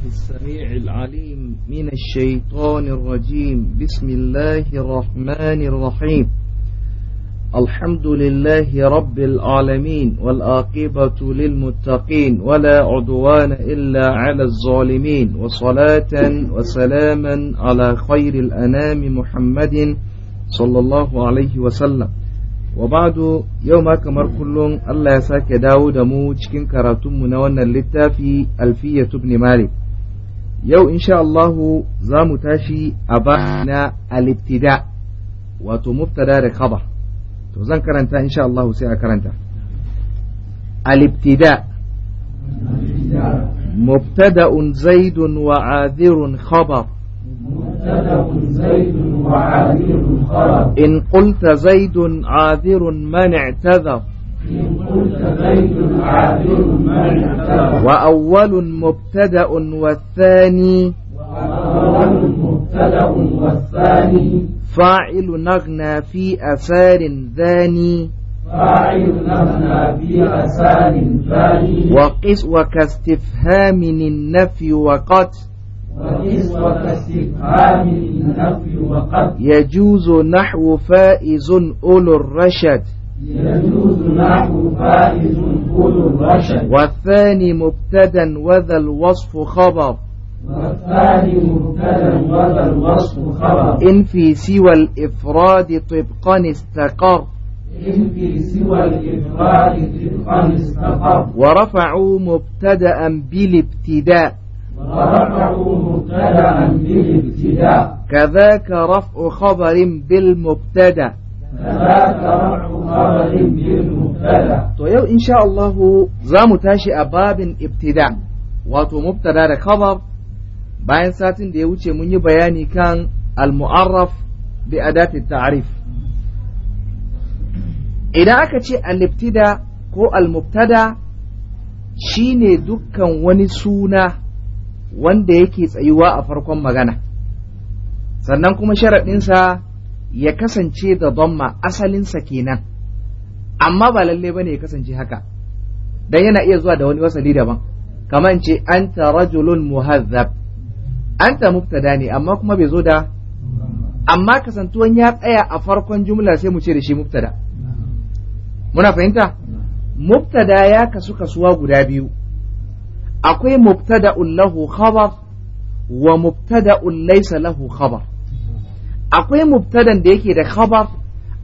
الله السميع العليم من الشيطان الرجيم بسم الله الرحمن الرحيم الحمد لله رب العالمين والآقبة للمتقين ولا عدوان إلا على الظالمين وصلاة وسلاما على خير الأنام محمد صلى الله عليه وسلم وبعد يوم كمر كل الله يساك داود موج كن كراتم na للتافي ألفية alfiyatu مالك yau insha Allahu za mu tashi a ba na alittida wato muftada da kaba to zan karanta insha Allahu sai a karanta alittida مبتدا زيد وعاذر خبر زيد وعاذر خبر إن قلت زيد عاذر من اعتذر وأول مبتدأ والثاني وأول مبتدأ والثاني فاعل نغنى في أثار ذاني فاعل نغنى في أثار ذاني وقس وكاستفهام النفي وقد وقس وكاستفهام النفي وقد يجوز نحو فائز أولو الرشد يجوز نحو فائز كل الرشد والثاني مبتدا وذا الوصف خبر والثاني مبتدا وذا الوصف خبر إن في سوى الإفراد طبقا استقر إن في سوى الإفراد طبقا استقر ورفعوا مبتدا بالابتداء ورفعوا مبتدا بالابتداء كذاك رفع خبر بالمبتدا To yau insha Allah za mu tashi a babin ibtida wato mubtada da khabar bayan satin da ya wuce mun yi bayani kan al-mu'arraf bi adati ta'rif idan aka ce al-ibtida ko al-mubtada shine dukkan wani suna wanda yake tsayuwa a farkon magana sannan kuma sharaɗinsa ya kasance da damma asalinsa kenan amma ba lalle bane ya kasance haka dan yana iya zuwa da wani wasali daban kamar ce anta rajulun muhazzab anta mubtada ne amma kuma bai zo da amma kasantuwan ya tsaya a farkon jumla sai mu ce da shi mubtada muna fahimta Muftada ya kasu kasuwa guda biyu akwai Muftada lahu khabar wa Muftada laysa lahu khabar akwai mubtadan da yake da khabar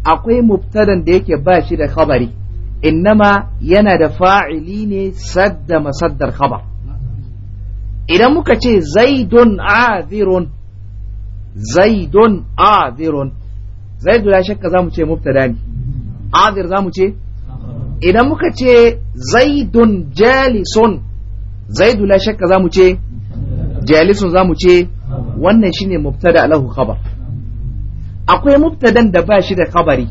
akwai mubtadan da yake ba shi da khabari innama yana da fa'ili ne sadda masaddar khabar idan muka ce zaidun azirun zaidun azirun zaidu ya shakka zamu ce mubtada ne azir zamu ce idan muka ce zaidun jalisun zaidu la shakka zamu ce jalisun zamu ce wannan shine mubtada lahu khabar akwai mubtadan da ba shi da khabari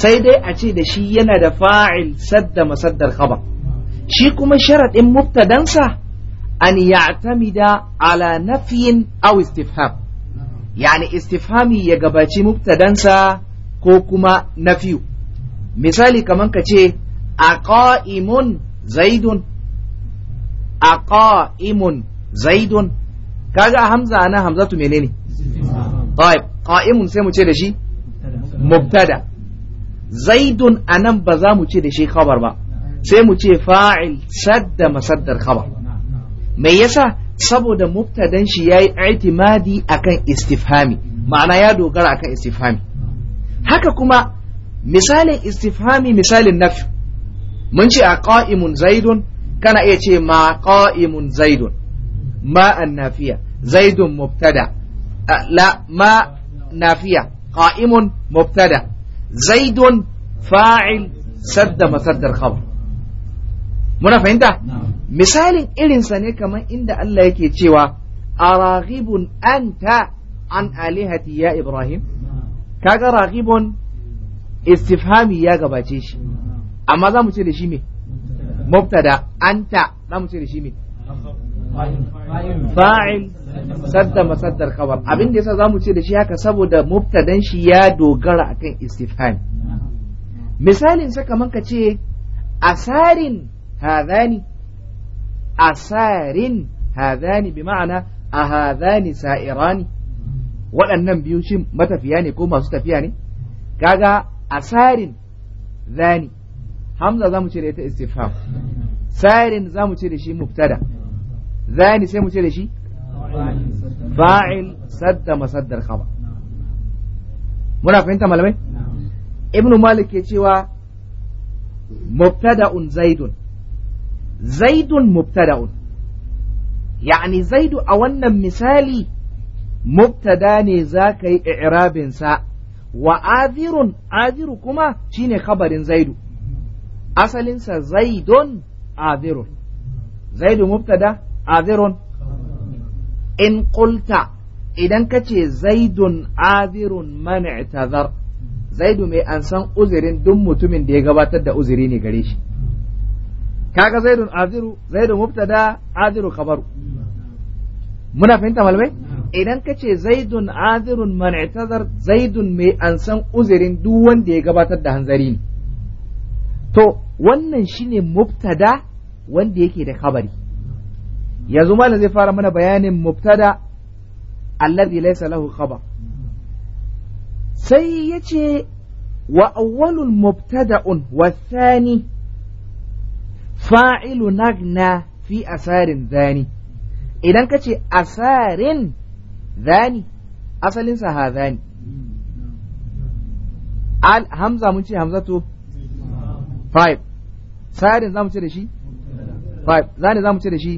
sai dai a ce da shi yana da fa'il sadda masaddar khabar shi kuma sharaɗin mubtadansa an ya'tamida ala nafyin aw istifham yani istifhami ya gabaci mubtadansa ko kuma nafiyu misali kaman ka ce aqaimun zaidun aqaimun zaidun kaga hamza na hamzatu menene طيب qa'imun sai mu ce da shi mubtada zaidun anan ba za mu ce da shi khabar ba sai mu ce fa'il sadda masaddar khabar me yasa saboda mubtadan shi yayi i'timadi akan istifhami ma'ana ya dogara akan istifhami haka kuma misalin istifhami misalin nafi mun ce a qa'imun zaidun kana iya ce ma qa'imun zaidun ma annafiya zaidun mubtada la ma nafiya Ka'imun. mubtada zaidun fa'il sadda masaddar khabar muna fahimta misalin irinsa ne kamar inda Allah yake cewa araghibun anta an alihati ya ibrahim kaga raghibun istifhami ya gabace shi amma za mu ce da shi me mubtada anta za mu ce da shi me fa'il sadda masaddar khabar abin da yasa mu ce da shi haka saboda mubtadan shi ya dogara akan istifham misalin sa kaman ka ce asarin hadhani asarin hadhani bi ma'ana a hadhani sa'irani waɗannan biyu shin matafiya ne ko masu tafiya ne kaga asarin zani hamza za mu ce da ita istifham sarin mu ce da shi mubtada zani sai mu ce da shi fa'il sadda masaddar khabar muna fahimta malamai ibnu malik ke cewa mubtada'un zaidun zaidun mubtada'un yani zaidu a wannan misali mubtada ne zaka ka yi sa wa azirun aziru kuma shine khabarin zaidu asalinsa zaidun azirun zaidu mubtada azirun in kulta idan ka ce zaidun azirun man i'tazar zaidu mai an san uzirin duk mutumin da ya gabatar da uziri ne gare shi kaga zaidun aziru zaidu mubtada aziru khabaru muna fahimta malamai idan ka ce zaidun azirun man i'tazar zaidun mai an san uzirin duk wanda ya gabatar da hanzari ne to wannan shine mubtada wanda yake da khabari yanzu malam zai fara mana bayanin mubtada alladhi laysa lahu khabar sai yace wa awwalul mubtada'un wa thani fa'ilu nagna fi asarin zani idan ka ce asarin zani asalin sa hazani al hamza mun ce hamzatu 5 sarin mu ce da shi 5 zani mu ce da shi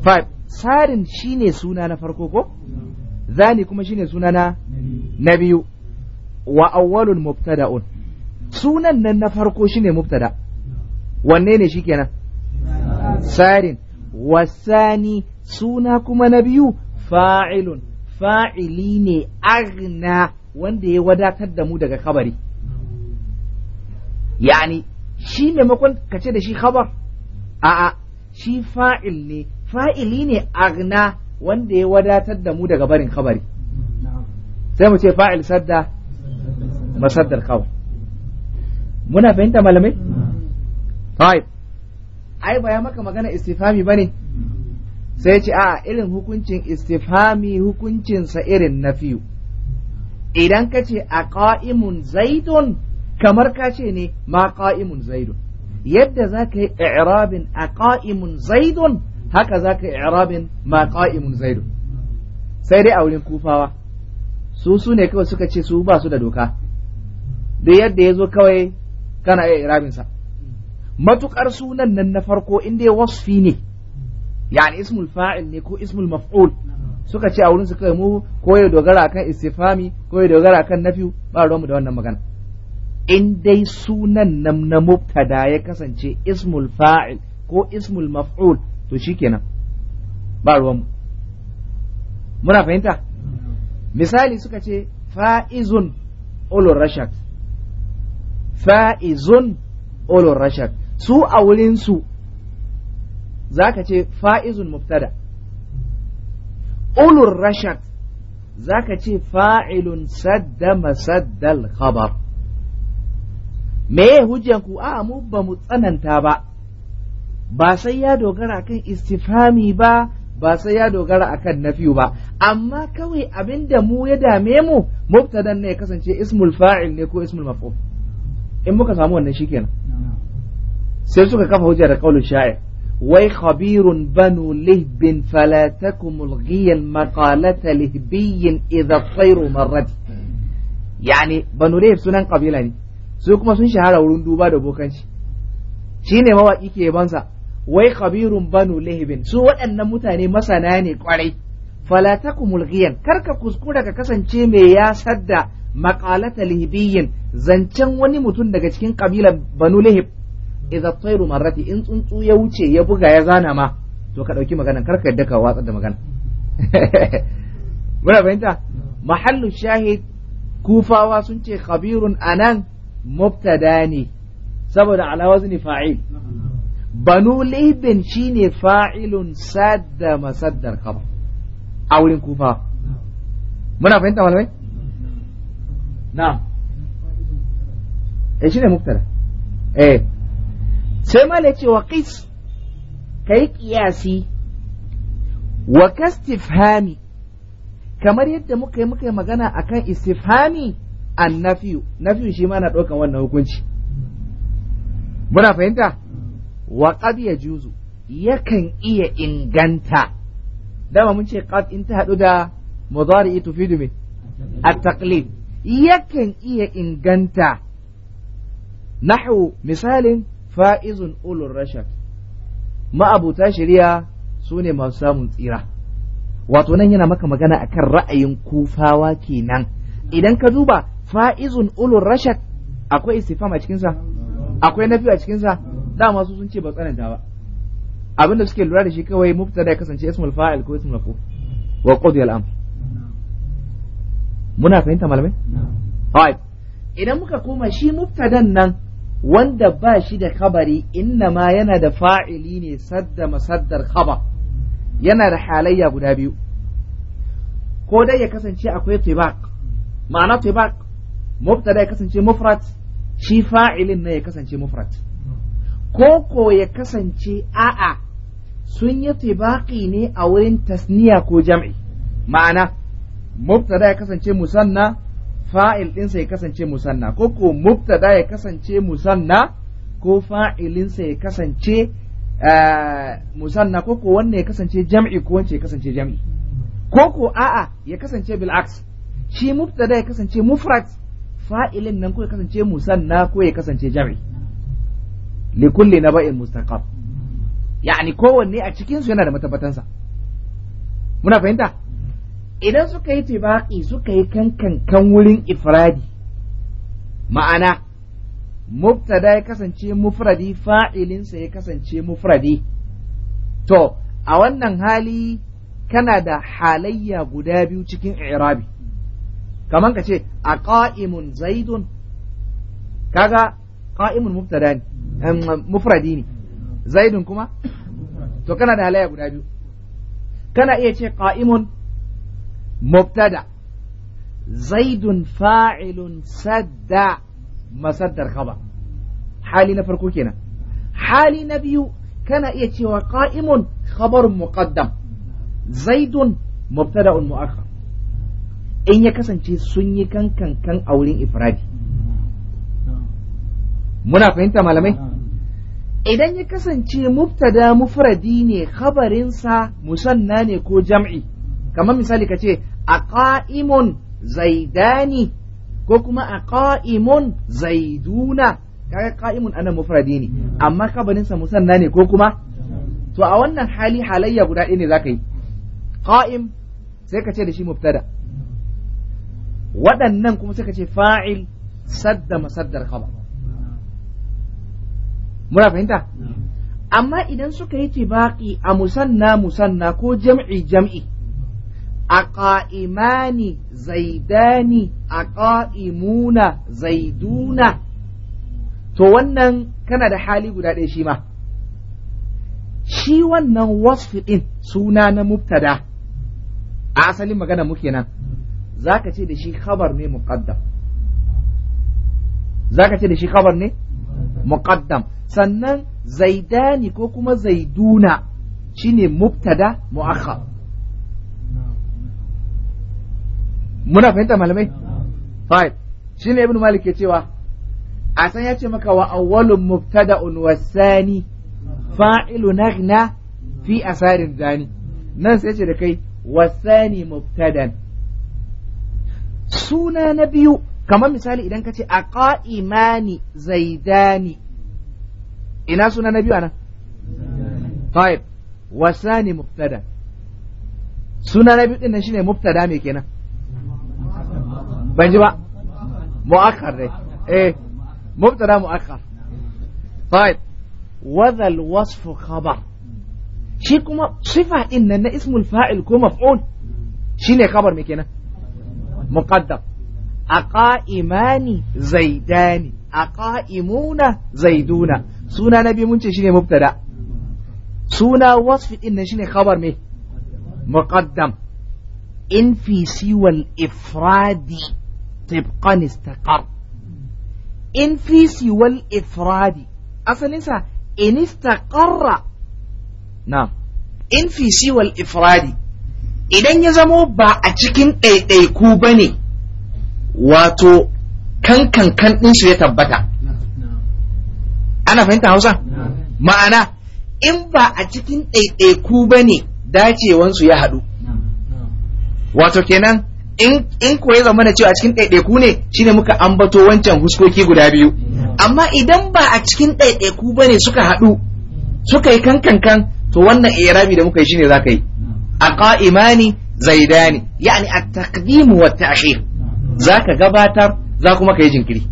5 shi shine suna na farko ko zani kuma ne suna na na biyu wa awwalun mubtada'un sunan nan na farko shine mubtada wanne ne shi kenan? sarin wasani suna kuma na biyu fa'ilun fa'ili ne agna wanda ya wadatar da mu daga kabari yani shi maimakon ka ce da shi khabar a'a shi fa'il ne fa'ili ne agna wanda ya wadatar da mu daga barin kabari sai mu ce fa'il sadda masaddar kawai muna fahimta malamai fa'il ai ba ya maka magana istifami bane sai ce a irin hukuncin istifami hukuncinsa irin na fiyu idan ka ce a ƙa'imun zaidun kamar ka ce ne ma ƙa'imun zaidun yadda za ka yi i'rabin a ƙa'imun zaidun haka za ka i'rabin ma qa'imun zaidu sai dai a wurin kufawa su su ne kawai suka ce su ba su da doka da yadda ya zo kawai kana iya i'rabin sa matukar sunan nan na farko inda dai wasfi ne yani ismul fa'il ne ko ismul maf'ul suka ce a wurin su kawai mu ko ya dogara kan istifami ko ya dogara kan nafi ba ruwanmu da wannan magana in dai sunan nan na mubtada ya kasance ismul fa'il ko ismul maf'ul to kenan ba ruwan muna fahimta misali suka ce fa'izun olor fa'izun olor su a wurinsu za ka ce fa'izun muftada olor zaka za ka ce fa'ilun saddama saddal khabar me hujjanku a mu ba mu tsananta ba ba sai ya dogara akan istifami ba ba sai ya dogara akan nafiyu ba amma kawai abinda mu ya dame mu mubtada ne ya kasance ismul fa'il ne ko ismul maf'ul in muka samu wannan shikenan sai suka kafa hujja da qaulul sha'ir wai khabirun banu lihbin fala takum maqalata lihbiyin idha tsayru marrat yani banu lihb sunan kabila ne su kuma sun shahara wurin duba da bokanci shine mawaki ke yabansa wai khabirun banu lihibin su waɗannan mutane masana ne kwarai falataku takumul kar karka kuskura ka kasance mai ya sadda maqalata lihibiyin zancen wani mutum daga cikin kabilar banu lihib idza tayru marrati in tsuntsu ya wuce ya buga ya zana ma to ka dauki maganan karka yadda ka watsar da magana muna fahimta mahallu shahid kufawa sun ce khabirun anan mubtada ne saboda ala wazni fa'il banu lihbin shine fa'ilun sadda masaddar khabar a wurin kufa muna fahimta malamai E eh, shi ne muktara eh sai malai ce wa ka kai ƙiyasi. wa kastifhami kamar yadda muka yi muka yi magana akan istifhami nafiyu. nafiyu shi ma na ɗaukan wannan hukunci muna fahimta wa ya yajuzu yakan iya inganta dama mun ce ƙad in ta haɗu da mazari ita fi dume? A taqlid yakan iya inganta nahu misalin fa'izun ulur rashad ma'abuta shari'a sune masu samun tsira wato nan yana maka magana akan ra'ayin kufawa kenan idan ka duba fa'izun ulur rashad akwai istifam a cikinsa akwai nafi a cikinsa dama su sun ce ba tsananta ba abinda suke lura da shi kawai mubtada ya kasance ismul fa'il ko ismul maf'ul wa qudi al muna fahimta malamai idan muka koma shi mubtadan nan wanda ba shi da kabari inna ma yana da fa'ili ne sadda masaddar khabar yana da halayya guda biyu ko dai ya kasance akwai tibaq ma'ana tibaq mubtada ya kasance mufrat, shi fa'ilin ne ya kasance mufrat. Koko ya kasance a'a sun yi tibaki ne a wurin tasniya ko jam'i ma'ana mubtada ya kasance musanna fa'il ɗinsa ya kasance musanna Koko mubtada ya kasance musanna ko fa'ilinsa ya kasance eh, musanna Koko wanne ya kasance jam'i ko wance ya kasance jam'i Koko a'a ya kasance bil'aks shi mubtada ya kasance mufrad fa'ilin nan ko ya kasance musanna ko ya kasance jam'i li kulli naba'in mustaqab yani kowanne a cikinsu yana da matabbatansa muna fahimta idan suka yi tibaki suka yi kankan wurin ifradi ma'ana mubtada ya kasance mufradi fa'ilinsa ya kasance mufradi to a wannan hali kana da halayya guda biyu cikin irabi kamar ka ce a ƙa'imun zaidun kaga qa'imun mubtada ne mufradi ne kuma to kana da halayya guda biyu kana iya ce qa'imun mubtada zaidun fa'ilun sadda masaddar khabar hali na farko kenan hali na biyu kana iya cewa qa'imun khabarun muqaddam zaidun mubtada'un mu'akhkhar in ya kasance sun yi kankan kan wurin ifradi muna fahimta malamai idan ya kasance mubtada mufradi ne khabarinsa musanna ne ko jam'i kamar misali ka ce a ƙa'imun zaidani ko kuma a ƙa'imun zaiduna kaga ƙa'imun anan mufradi ne amma khabarinsa musanna ne ko kuma to a wannan hali halayya guda ɗaya ne za ka yi ƙa'im sai ka ce da shi mubtada waɗannan kuma sai ka ce fa'il sadda masaddar khabar muna fahimta amma idan suka yi tibaqi a musanna musanna ko jam'i jam'i a ƙa'imani zaidani a ƙa'imuna zaiduna to wannan kana da hali guda ɗaya shi ma shi wannan wasfi ɗin suna na mubtada a asalin magana muke nan za ka ce da shi khabar ne muqaddam za ka ce da shi khabar ne muqaddam sannan zaidani ko kuma zaiduna shine mubtada muakhar muna fahimta malamai fine shine ibnu malik ke cewa a san ya ce maka wa awwalun mubtada'un wasani fa'ilu naghna fi asarin zani nan sai ce da kai wasani mubtadan suna na biyu kamar misali idan ka ce a ƙa'imani zaidani ina suna na biyu anan taib wasani Muftada suna na biyu din nan shine Muftada me kenan ban ji ba mu'akar dai eh mubtada mu'akkar taib wadhal wasf khabar shi kuma sifa din nan na ismul fa'il ko maf'ul shine khabar me kenan Muƙaddam. aqaimani zaidani aqaimuna zaiduna suna na biyu mun ce ne mubtada suna wasfi din nan shine khabar me muqaddam in fi siwal ifradi tibqan istaqar in fi siwal ifradi asalin sa in istaqarra na in fi siwal ifradi idan ya zamo ba a cikin ɗaiɗaiku ba ne wato kankankan kan shi ya tabbata ana fahimta hausa ma'ana in ba a cikin ɗaiɗaiku ba ne dacewansu ya haɗu wato kenan in ko ya zama da cewa a cikin ɗaiɗaiku ne shine muka ambato wancan huskoki guda biyu amma idan ba a cikin ɗaiɗaiku ba ne suka haɗu suka yi kankankan to wannan irabi da muka yi shine za ka yi a ƙa'imani zaidani yani a takdimu wa ta'ashir za ka gabatar za kuma ka yi jinkiri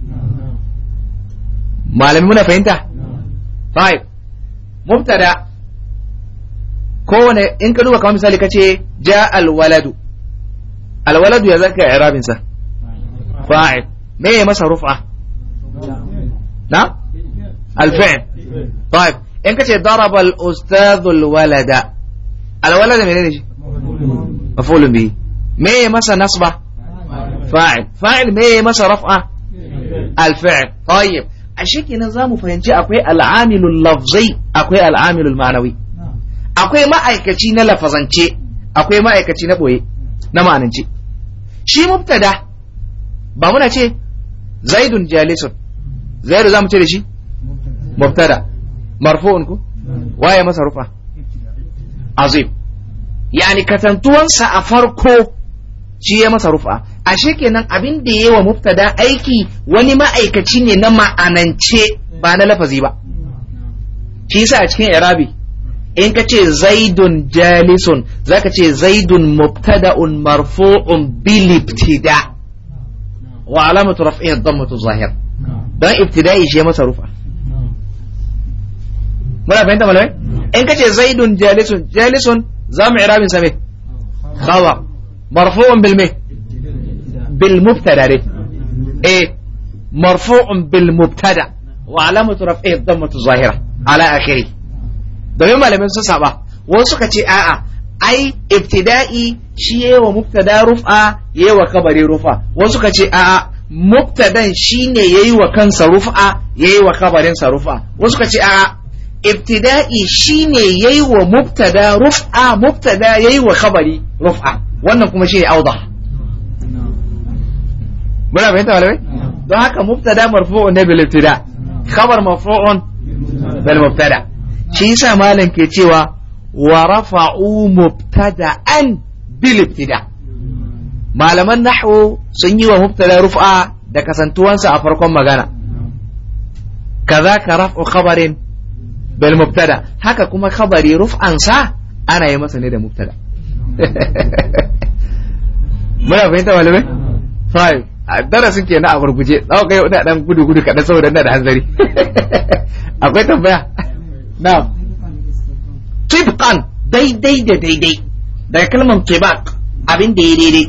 malami muna fahimta five mubtada kowane in ka duba kamar misali ka ce ja alwaladu alwaladu ya zaka i'rabin sa fa'il me ya masa rufa na alfi'l طيب in ka ce daraba al-ustadh al-walada al-walada menene shi maf'ul bihi me ya masa nasba fa'il fa'il me masa raf'a al-fi'l tayyib ashe kenan zamu fahimci akwai al'amilul lafzi akwai al'amilul ma'anawi akwai ma'aikaci na lafazance akwai ma'aikaci na boye na ma'anance shi mubtada ba muna ce zaidun jalisun zaidu zamu ce da shi mubtada marfu'un ku waye masa rufa azim yani katantuwansa a farko shi ya masa rufa ashe kenan abin da yi wa mubtada aiki wani ma'aikaci ne na ma'anance ba na lafazi ba shi yasa a cikin irabi in ka ce zaidun jalisun zaka ce zaidun mubtada'un marfu'un bil ibtida wa alamatu raf'ihi dhammatu zahir dan ibtida'i shi masa rufa muna fahimta malamai in ka ce zaidun jalisun jalisun za mu irabin sa me khabar marfu'un bil me bil mubtada dai eh marfu'un bil mubtada wa alamatu raf'ihi dhammatu zahira ala akhiri domin malamin sun wasu suka ce a'a ai ibtida'i shi yawa mubtada rufa yawa kabari rufa wasu suka ce a'a mubtadan shine yayi wa kansa rufa yayi wa kabarin sa rufa wasu suka ce a'a ibtida'i shine yayi wa mubtada rufa mubtada yayi wa kabari rufa wannan kuma shi ne audah muna fahimta malamai don haka mubtada marfu'un ne bil ibtida khabar marfu'un bil mubtada shi yasa malam ke cewa wa rafa'u mubtada'an bil ibtida malaman nahwu sun yi wa mubtada rufa da kasantuwansa a farkon magana kaza ka raf'u khabarin bil mubtada haka kuma khabari ruf'ansa ana yi masa ne da mubtada muna fahimta malamai 5 a darasin ke na a gurguje za kai wani dan gudu gudu kaɗan saboda na da hanzari akwai tambaya na kibkan daidai da daidai daga kalmar kebak abin da ya daidai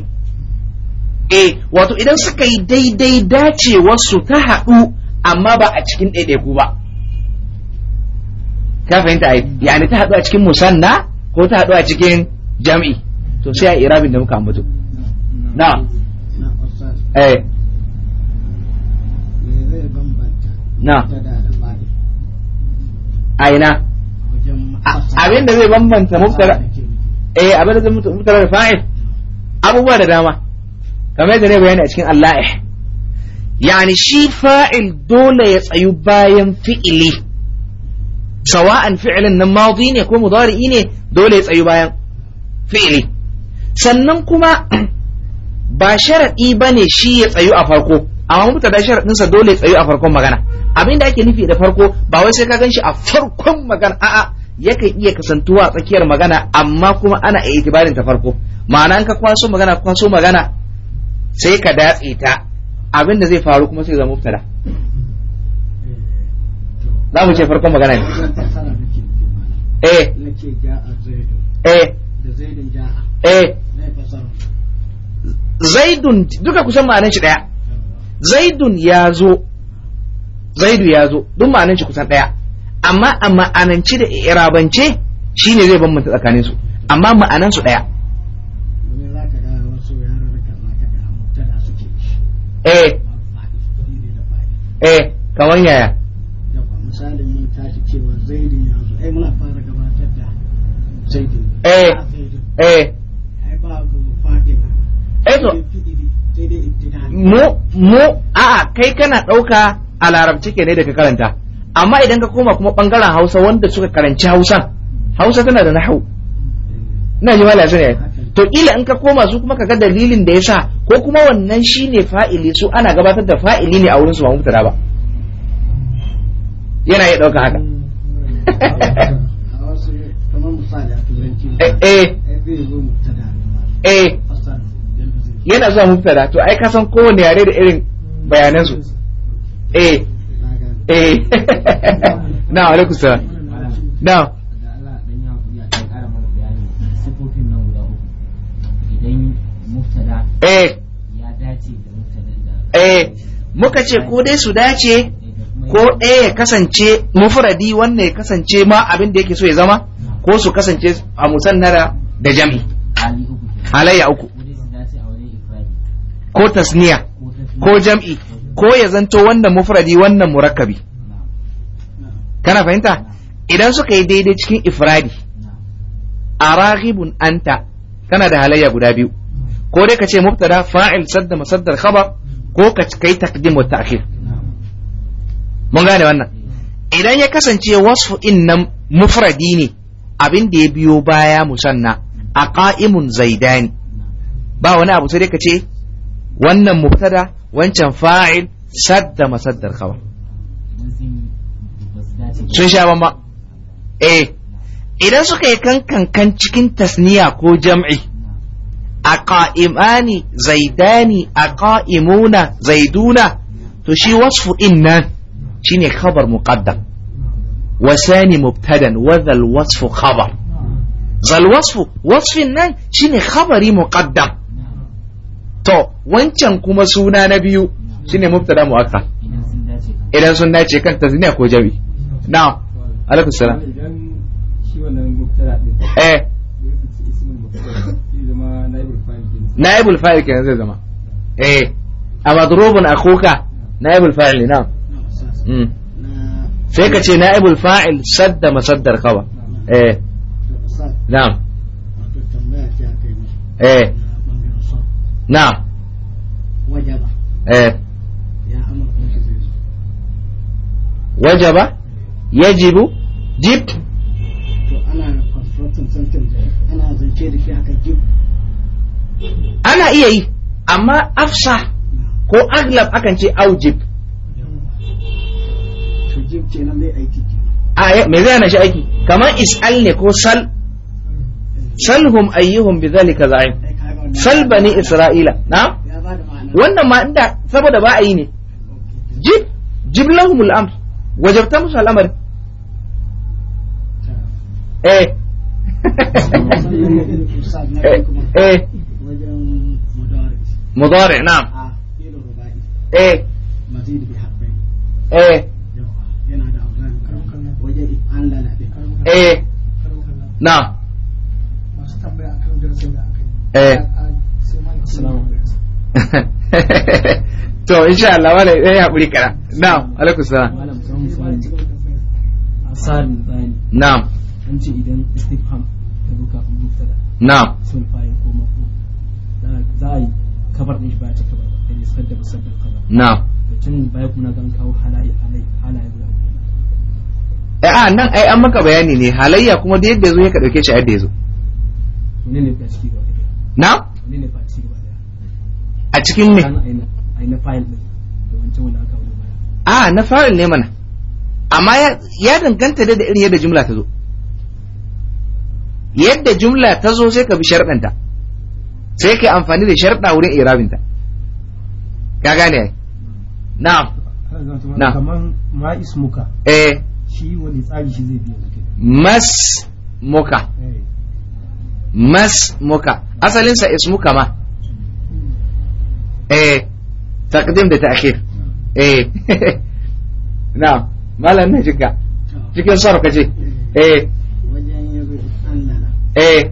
eh wato idan suka yi daidai dacewarsu ta haɗu amma ba a cikin ɗaiɗaiku ba ka fahimta ai yani ta haɗu a cikin musanna ko ta haɗu a cikin jam'i to sai a irabin da muka ambato na'am eh na aina abin da zai bambanta mubtada eh abin da zai da fa'il abubuwa da dama kamar yadda ne bayani a cikin Allah yani shi fa'il dole ya tsayu bayan fi'ili sawa'an fi'ilin nan madi ne ko mudari ne dole ya tsayu bayan fi'ili sannan kuma ba sharaɗi ba ne shi ya tsayu a farko amma da sharaɗinsa dole ya tsayu a farkon magana abin da ake nufi da farko ba wai sai ka gan shi a farkon magana a'a yakan iya kasantuwa a tsakiyar magana amma kuma ana a itibarin ta farko ma'ana ka kwaso magana kwaso magana sai ka datse ta abin da zai faru kuma sai zama mubtada za mu ce farkon magana ne eh eh eh zaidun duka kusan ma'anin shi daya zaidun ya zo zaidu ya zo duk ma'anin shi kusan daya amma a ma'anance da irabance shine zai bambanta tsakanin su amma ma'anar su daya eh eh kamar yaya mun tashi cewa ya zo eh, muna fara gabatar da eh ah, eh eto eh, mu mu a'a kai kana ɗauka a larabci ke ne da karanta amma idan ka koma kuma bangaren hausa wanda suka karanci hausa hausa tana da nahau ina ji mala sai to kila in ka koma su kuma ga dalilin da ya sa ko kuma wannan shine fa'ili su ana gabatar da fa'ili ne a wurin su ba mubtada ba yana ya ɗauka haka eh eh yana zuwa mubtada to ai ka san kowane yare da irin bayanan su eh eh na alaikum sa na eh. eh muka ce ko dai su dace ko ɗaya ya kasance mufradi wannan ya kasance ma abin da yake so ya zama ko su kasance a musannara da jami halayya uku ko tasniya ko jam'i ko ya zanto wannan mufradi wannan murakkabi kana fahimta idan suka yi daidai cikin ifradi a anta kana da halayya guda biyu ko dai ka ce mubtada fa'il sadda masaddar khabar ko ka kai takdim wa ta'khir mun gane wannan idan ya kasance wasfu nan mufradi ne abin da ya biyo baya musanna a ƙa'imun zaidani ba wani abu sai dai ka ce wannan mubtada wancan fa'il sadda masaddar khabar sun sha bamba eh idan suka yi kankan cikin tasniya ko jam'i a ƙa'imani zaidani a ƙa'imuna zaiduna to shi wasfu in nan shi ne khabar muƙaddam wasani mubtadan wazal wasfu khabar zal wasfu wasfin nan shi ne khabari muƙaddam to wancan kuma suna na biyu shine mubtada mu'akkar idan sun dace kan tasniya ko jami na alaikum salam eh naibul fa'il kenan zai zama eh a madrubun akhuka naibul fa'il na hmm. sai ka ce naibul fa'il sadda masaddar kawa eh na'am eh na wajaba eh ya amur wajaba yajibu jib to ana constructing something ana zance da shi haka jib ana iya yi amma afsa ko aglab akan ce aujib to jib ce nan bai aiki a me zai hana shi aiki kamar is'al ne ko sal eh. salhum ayyuhum bi zalika za'im Salba ne isra'ila na wannan ma inda saboda ba a yi ne jib jib lahumul amr wajabta musu al'amari eh eh mudari na'am ah, eh eh eh na to insha Allah wala ya eh, haƙuri kara na'am alaikum salam na'am an ce idan ta na'am sun ko a kabar din shi ba ta kabar da ne kabar na'am tun kawo eh a nan ai an maka bayani ne halayya kuma da yadda ya ka dauke shi yadda ne ne ba ciki ba na'am ne ne ba ciki a cikin ne. a na fa'il ne mana amma ya danganta da irin yadda jumla ta zo yadda jumla ta zo sai ka bi sharɗanta sai ka amfani da sharɗa wurin irabinta ka gane ai na na kaman eh shi wani tsari shi zai mas muka eh. mas muka asalinsa ismuka ma ايه تقديم da ايه نعم na malam ne jika cikin جي ايه ايه wajen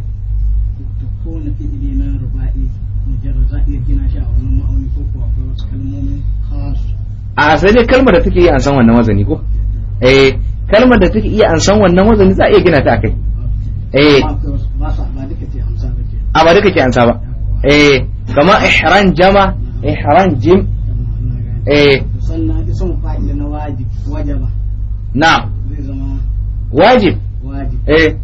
تكون في رباعي مجرد شاء خاص a sai dai kalmar da take iya an san wannan wazani ko eh kalmar da take iya an san wannan wazani za a iya gina ta akai eh ba duka ke amsa ba eh kama jama ihram jim eh na wajib na wajib wajib eh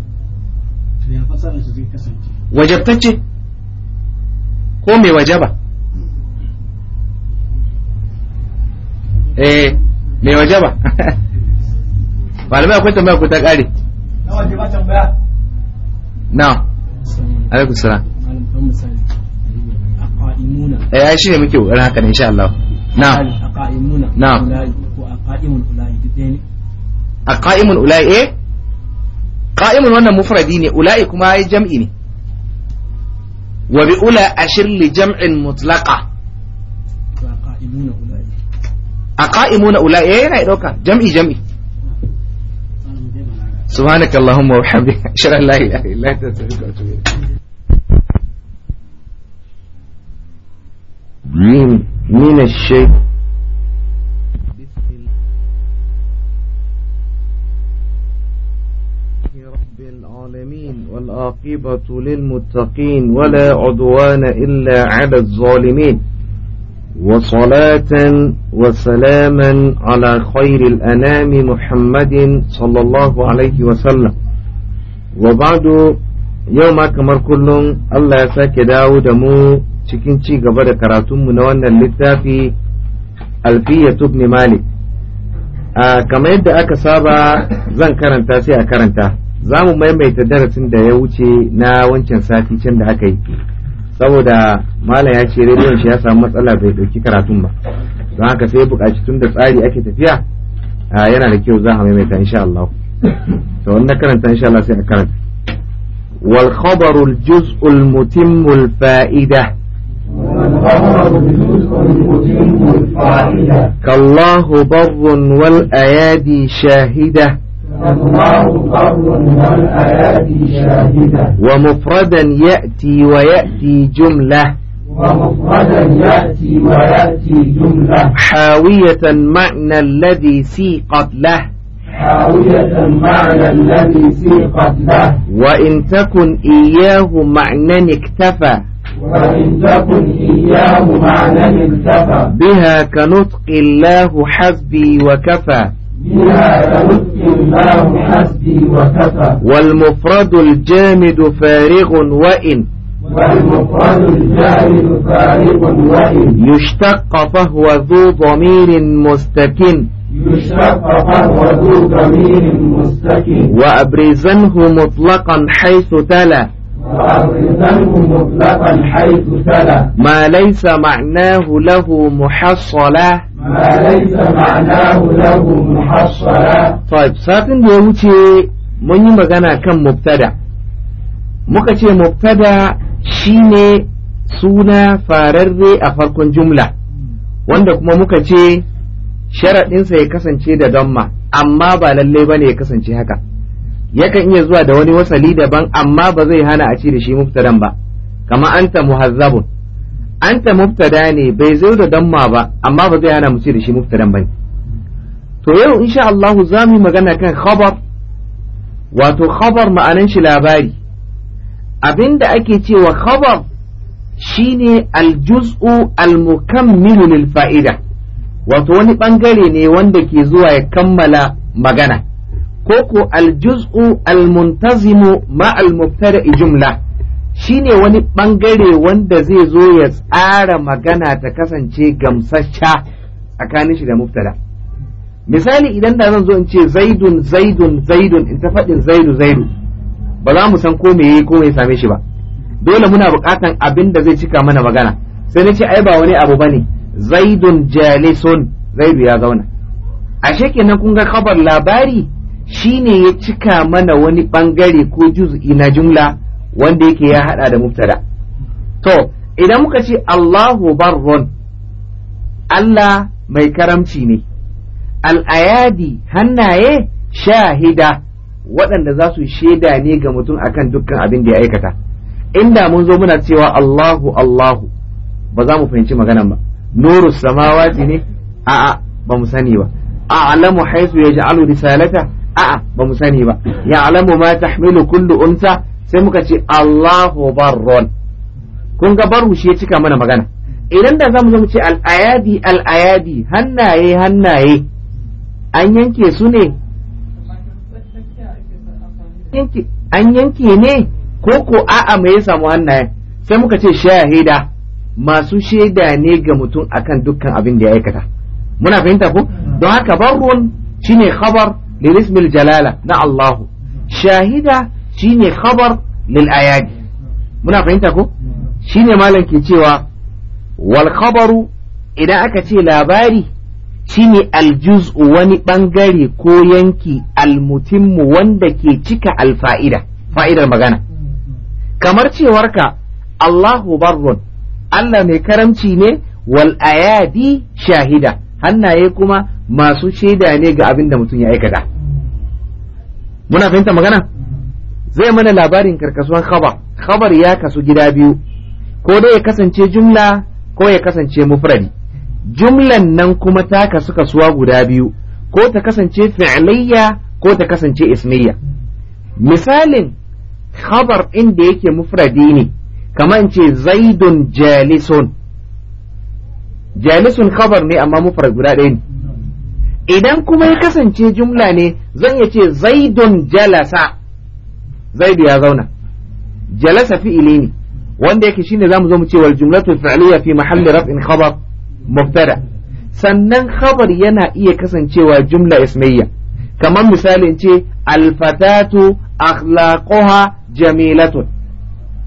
wajabtacce ko mai wajaba eh mai wajaba malamai akwai tambaya ku ta kare na alaikum salam aqaimuna eh shi ne muke ne insha eh? kuma ai jam'i ne wa bi ula li jam'in mutlaqa aqaimuna ulai eh, jam'i jam'i سبحانك اللهم وبحمدك اشهد ان لا اله جيم من الشيء بسم الله رب العالمين والآقبة للمتقين ولا عدوان إلا على الظالمين وصلاة وسلاما على خير الأنام محمد صلى الله عليه وسلم وبعد يومك مركلون الله ساك داود مو cikin ci gaba da karatunmu na wannan littafi alfiya ibn malik a kamar yadda aka saba zan karanta sai a karanta za mu maimaita darasin da ya wuce na wancan sati can da aka yi saboda malam ya ce rediyon shi ya samu matsala bai ɗauki karatun ba don haka sai buƙaci tun da tsari ake tafiya yana da kyau za a maimaita insha Allah to wannan karanta insha Allah sai a karanta wal khabarul juz'ul mutimmul fa'ida كالله بر والأيادي شاهدة ومفردا يأتي ويأتي جملة ومفردا يأتي ويأتي جملة حاوية معنى الذي سيقت له حاوية معنى الذي سيقت له وإن تكن إياه معنى اكتفى وإن تكن إياه معنى التفى بها كنطق الله حسبي وكفى بها كنطق الله حسبي وكفى والمفرد الجامد فارغ وإن والمفرد الجامد فارغ وإن يشتق فهو ذو ضمير مستكن يشتق فهو ذو ضمير مستكن وأبرزنه مطلقا حيث تلا مطلقا حيث سلا ما ليس معناه له محصلا ما ليس معناه له محصلا طيب ساتن da ya wuce mun yi magana kan mubtada muka ce mubtada shine suna fararre a farkon jumla wanda kuma muka ce sharaɗinsa ya kasance da damma amma ba lallai ba ne ya kasance haka yakan iya zuwa da wani wasali daban amma ba zai hana a ci da shi mubtadan ba kama anta muhazzabun anta muftada ne bai zo da damma ba amma ba zai hana mu ci da shi mubtadan ba to yau insha Allah za mu magana kan khabar wato khabar ma'anan shi labari abinda ake cewa khabar shine aljuz'u almukammilu lil fa'ida wato wani bangare ne wanda ke zuwa ya kammala magana ko ko aljuz'u almuntazimu ma almubtada'i jumla shine wani bangare wanda zai zo ya tsara magana ta kasance gamsacca tsakanin shi da mubtada misali idan da zan zo in ce zaidun zaidun zaidun in ta faɗin zaidu zaidu ba za mu san ko me yayi ko me same shi ba dole muna buƙatan abin da zai cika mana magana sai na ce ai ba wani abu bane zaidun jalisun zaidu ya zauna ashe kenan kun ga khabar labari Shi ne ya cika mana wani bangare ko juz'i na jumla wanda yake ya hada da mubtada to idan muka ce Allahu barron Allah mai karamci ne al'ayadi hannaye shahida waɗanda za su shaida ne ga mutum akan dukkan abin da ya aikata inda mun zo muna cewa Allahu Allahu ba za mu fahimci maganan ba nuru samawati ne a'a ba mu sani ba a'lamu haythu yaj'alu risalata a'a ba mu sani ba ya'lamu ma tahmilu kullu unsa sai muka ce Allahu barron kun ga barhu shi ya cika mana magana idan da zamu zo mu ce al'ayadi al'ayadi hannaye hannaye an yanke su ne an yanke ne ko ko a'a me ya samu hannaye? sai muka ce shahida masu shaida ne ga mutum akan dukkan abin da ya aikata muna fahimta ko don haka barron shine khabar lil jalala na Allahu shahida shine khabar lil ayadi muna fahimta ko shine malam ke cewa wal khabaru idan aka ce labari shine aljuz'u wani bangare ko yanki almutimmu wanda ke cika alfa'ida fa'idar magana kamar cewarka Allahu barrun Allah mai karamci ne wal ayadi shahida hannaye kuma masu shaida ne ga abin da mutum ya aikata muna fahimta magana zai mana labarin karkasuwan khabar khabar ya kasu gida biyu ko dai ya kasance jumla ko ya kasance mufradi jumlan nan kuma ta kasu kasuwa guda biyu ko ta kasance fi'liya ko ta kasance ismiya misalin khabar inda yake mufradi ne kamar ce zaidun jalisun jalisun khabar ne amma mufrad guda ɗaya ne idan kuma ya kasance jumla ne zan iya ce zaidun jalasa zaidu ya zauna jalasa fi'ili ne wanda yake shine zamu zo mu ce wal jumlatu fi'liya fi mahalli raf'in khabar mubtada sannan khabar yana iya kasancewa jumla ismiyya kamar misali in ce alfatatu akhlaquha jamilatun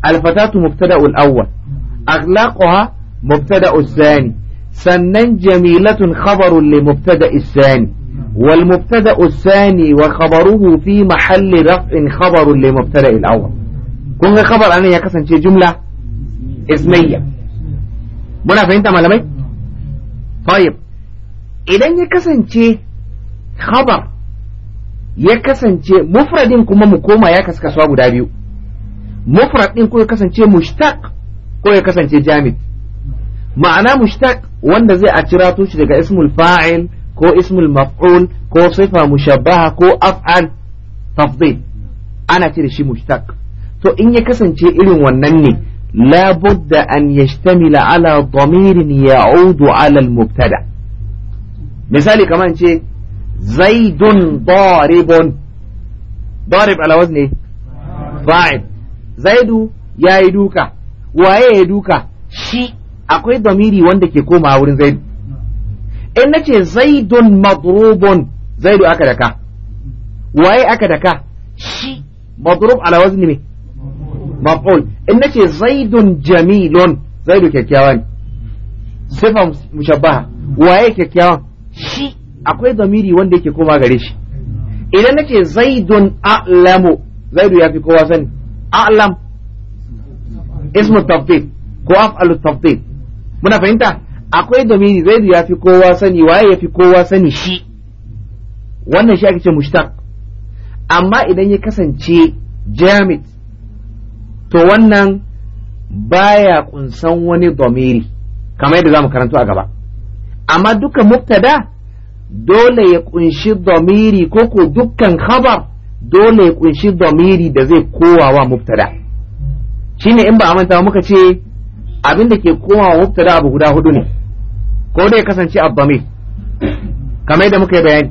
alfatatu al awwal akhlaquha mubtada al thani سنن جميلة خبر لمبتدأ الثاني والمبتدأ الثاني وخبره في محل رفع خبر لمبتدأ الأول كون خبر أنا يا كسن شي جملة اسمية منا فهمت ما لمي طيب إذا يا كسن شي خبر يا كسن شي مفرد كما مكومة يا كسك سواب داريو مفرد إنكو يا كسن شي مشتاق كو يا كسن شي جامد ma'ana mushtaq wanda zai a cira shi daga ismul fa'il ko ismul maf'ul ko sifa mushabbaha ko af'al tafdil ana cire shi mushtaq to in ya kasance irin wannan ne labudda an yashtamila ala damirin ya'udu ala al-mubtada misali kamar ce zaidun daribun darib ala wazni fa'il zaidu yayi duka waye ya duka shi akwai damiri wanda ke koma wurin zaidu in na ce zaidun madrubun zaidu aka daka waye aka daka shi madrub ala wazni ne maf'ul in na ce zaidun jamilun zaidu kyakkyawa ne sifa mushabbaha waye kyakkyawa shi akwai damiri wanda yake koma gare shi idan na ce zaidun a'lamu zaidu yafi kowa sani a'lam ismu tafdil ko af'alu tafdil muna fahimta akwai domini zaidu ya fi kowa sani waye ya fi kowa sani shi wannan shi ake ce mushtaq amma idan ya kasance jamit to wannan baya kunsan wani domiri kamar yadda zamu karanto a gaba amma duka mubtada dole ya kunshi domiri ko ko dukkan khabar dole ya kunshi domiri da zai kowa wa mubtada shine in ba a manta muka ce abin da ke wa mubtada abu guda hudu ne ko dai kasance abdamir kamar yadda muka yi bayani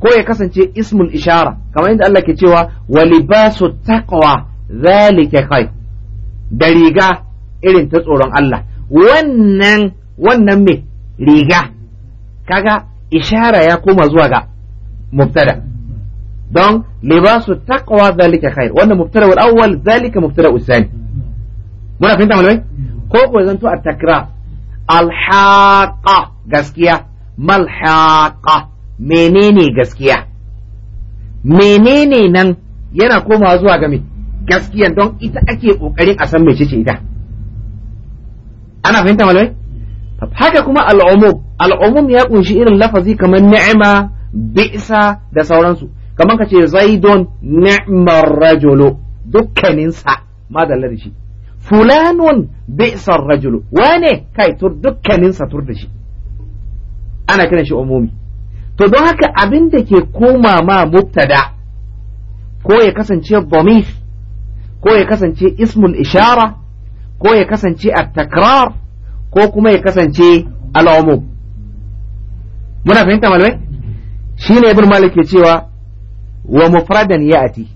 ko ya kasance ismul ishara kamar yadda Allah ke cewa wa libasu taqwa zalika khair da riga irin ta tsoron Allah wannan wannan me riga kaga ishara ya koma zuwa ga mubtada don libasu taqwa zalika khair wannan mubtada wal awwal zalika mubtada usani muna fahimta malamai ko ko zanto a takra alhaqa gaskiya malhaqa menene gaskiya menene nan yana koma zuwa ga me gaskiyan don ita ake kokarin a san mece ce ita ana fahimta malamai haka kuma al'umum al'umum ya kunshi irin lafazi kamar ni'ima bi'sa da sauransu kamar ka ce zaidon ni'mar rajulu dukkaninsa madallar shi fulanun bi'sar rajulu wane kai tur sa tur da shi ana kiran shi umumi to don haka abin da ke koma ma mubtada ko ya kasance dhamir ko ya kasance ismun ishara ko ya kasance at-takrar ko kuma ya kasance al-umum muna fahimta malamai shine ibn malik ke cewa wa mufradan ya'ti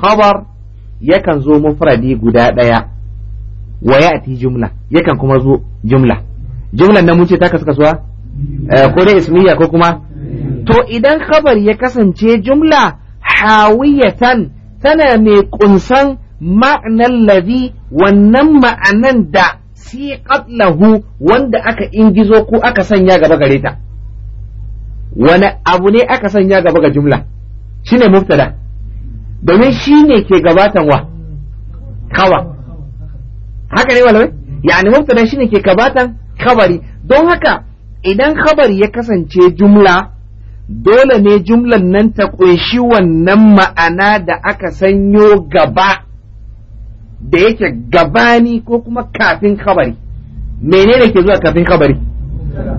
khabar yakan zo mufradi guda ɗaya wa ya'ti jumla yakan kuma zo jumla jumlan nan mun ce ta kasu kasuwa eh, ko dai ismiya ko kuma to idan khabar ya kasance jumla hawiyatan tana mai kunsan ma'anar ladhi wannan ma'anan da si lahu wanda aka ingizo ko aka sanya gaba gare ta wani abu ne aka sanya gaba ga jumla shine mubtada domin shi ne ke gabatan wa kawa haka ne malamai ne mubtada shi ne ke gabatan kabari don haka idan kabari ya kasance jumla dole ne jumlan nan ta ƙunshi wannan ma'ana da aka sanyo gaba da yake gabani ko kuma kafin kabari menene ke zuwa kafin kabari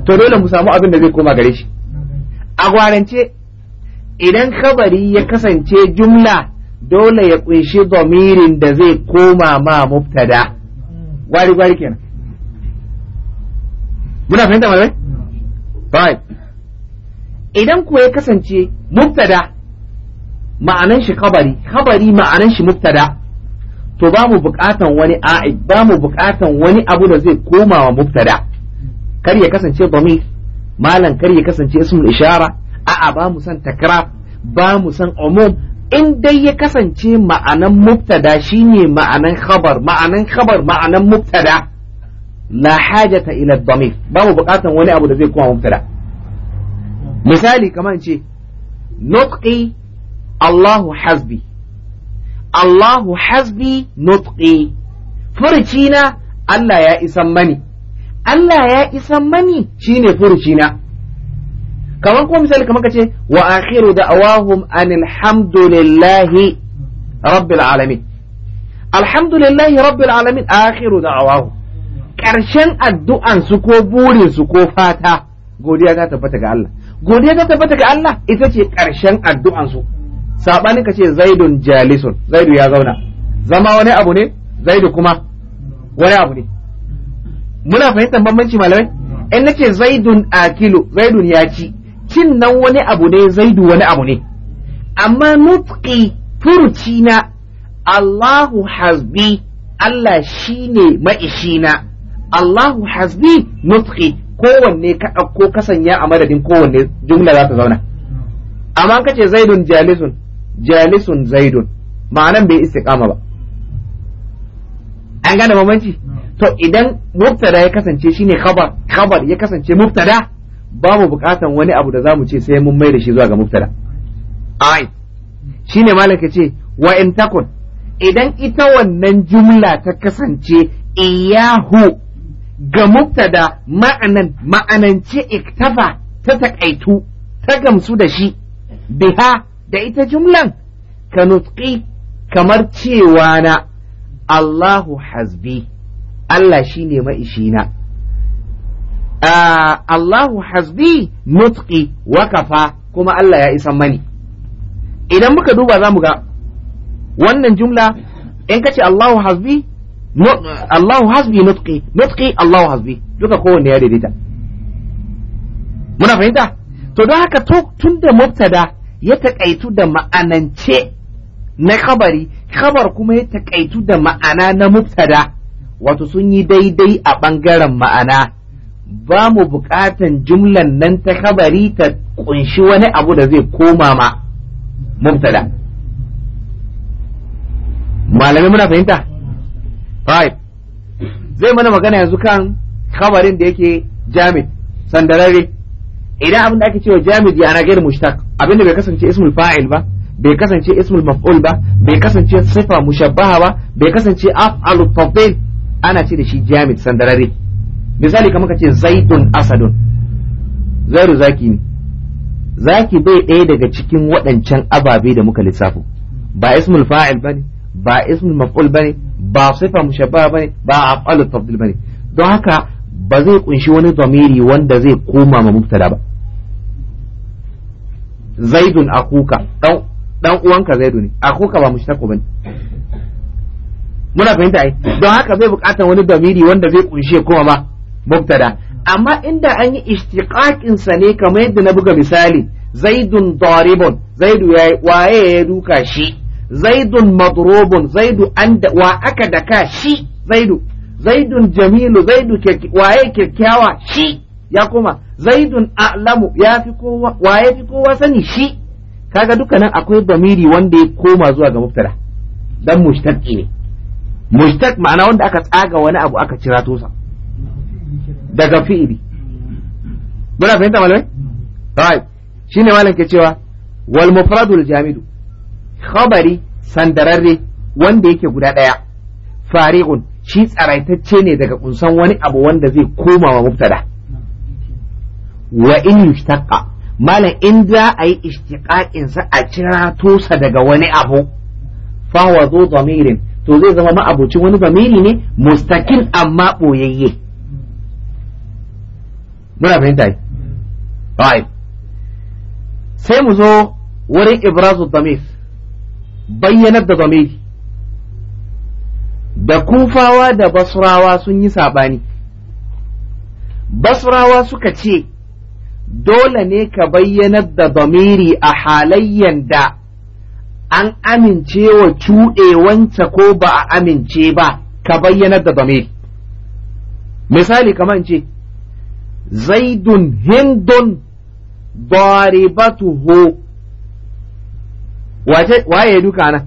to dole mu samu abin da zai koma gare shi a gwarance idan kabari ya kasance jumla dole ya kunshi domirin da zai koma ma mubtada gwari gwari kenan muna fahimta mai bai idan kuwa ya kasance mubtada ma'anan shi khabari khabari ma'anan shi mubtada to ba mu buƙatan wani a'id ba mu buƙatan wani abu da zai koma wa mubtada kar ya kasance bami malam kar ya kasance ismul ishara a'a ba mu san takrar ba mu san umum in dai ya kasance ma'anan mubtada shine ma'anan khabar ma'anan khabar ma'anan mubtada la hajata ila damir babu bukatan wani abu da zai kuma mubtada misali kamar ce nutqi Allahu hasbi Allahu hasbi nutqi furcina Allah ya isan mani Allah ya isan mani shine furcina kamar kuma misali kamar ka ce wa akhiru da'awahum anil hamdulillahi rabbil alamin alhamdulillahi rabbil alamin akhiru da'awahum karshen addu'an su ko burin su ko fata godiya ta tabbata ga Allah godiya ta tabbata ga Allah ita ce karshen addu'an su ka ce zaidun jalisun zaidu ya zauna zama wani abu ne zaidu kuma wani abu ne muna fahimtar bambanci malamai in nace zaidun akilu zaidun ya ci cin nan wani abu ne zaidu wani abu ne amma nutqi furuci na Allahu hasbi Allah shine ma'ishi na. Allahu hasbi nutqi kowanne ka ɗauko ka a madadin kowanne jumla za ta zauna amma ka ce zaidun jalisun jalisun zaidun ma'anan bai istiqama ba an gane mamaci? to idan mubtada ya kasance shine khabar khabar ya kasance mubtada ba mu bukatan wani abu da za mu ce sai mun mai da shi zuwa ga mubtada ai shine malam ka ce wa in takun idan ita wannan jumla ta kasance iyahu ga mubtada ma'anan ma'anance iktafa ta takaitu ta gamsu da shi biha da ita jumlan ka kamar cewa na Allahu hasbi Allah shine maishina Allahu hasbi nutqi wa kafa kuma Allah ya isa mani idan muka duba za mu ga wannan jumla in ka ce Allahu hasbi Allahu hasbi nutqi nutqi Allahu hasbi duka kowanne ya daidaita muna fahimta to don haka tun da mubtada ya taƙaitu da ma'anance na kabari kabar kuma ya taƙaitu da ma'ana na mubtada wato sun yi daidai a ɓangaren ma'ana ba mu buƙatan jumlan nan ta kabari ta ƙunshi wani abu da zai koma ma mubtada malami muna fahimta right zai mana magana yanzu kan kabarin da yake jamid sandararre idan abin da ake cewa jamid ya na gairu mushtaq abin bai kasance ismul fa'il ba bai kasance ismul maf'ul ba bai kasance sifa mushabbaha ba bai kasance af'alu tafdil ana ce da shi jamid sandararre misali kamar ka ce zaidun asadun zairu zaki ne zaki bai ɗaya daga cikin waɗancan ababe da muka lissafo ba ismul fa'il bane ba ismul maf'ul bane ba sifa mushabba bane ba af'alu tafdil bane don haka ba zai kunshi wani zamiri wanda zai koma ma mubtada ba zaidun akuka dan dan uwanka zaidu ne akuka ba mushtaqu bane muna fahimta ai don haka zai bukata wani zamiri wanda zai kunshi ya koma ma mubtada amma inda an yi ishtiqaqin sa ne kamar yadda na buga misali zaidun daribun zaidu yayi waye ya duka shi zaidun madrubun zaidu anda wa aka daka shi zaidu zaidun jamilu zaidu waye kyakkyawa shi ya kuma zaidun a'lamu ya fi kowa waye fi kowa sani shi kaga dukkanin akwai damiri wanda ya koma zuwa ga mubtada dan mushtaqi ne mushtaq ma'ana wanda aka tsaga wani abu aka cira tosa daga fi'ili muna fahimta malamai right shine malam ke cewa wal mufradul jamidu khabari sandararre wanda yake guda daya fari'un shi tsaraitacce ne daga kunsan wani abu wanda zai koma wa mubtada wa in yushtaqa malam in za a yi ishtiqaqin sa a cira tosa daga wani abu fa huwa damirin to zai zama ma ma'abucin wani zamiri ne mustaqil amma boyayye muna fahimta yi right sai mu zo wurin ibrazu damir bayyanar da damir da kufawa da basurawa sun yi saɓani basurawa suka ce dole ne ka bayyanar da damiri a halayyan da an amince wa cuɗewanta ko ba a amince ba ka bayyanar da damiri misali kamar ce zaidun hindun daribatuhu waye ya duka nan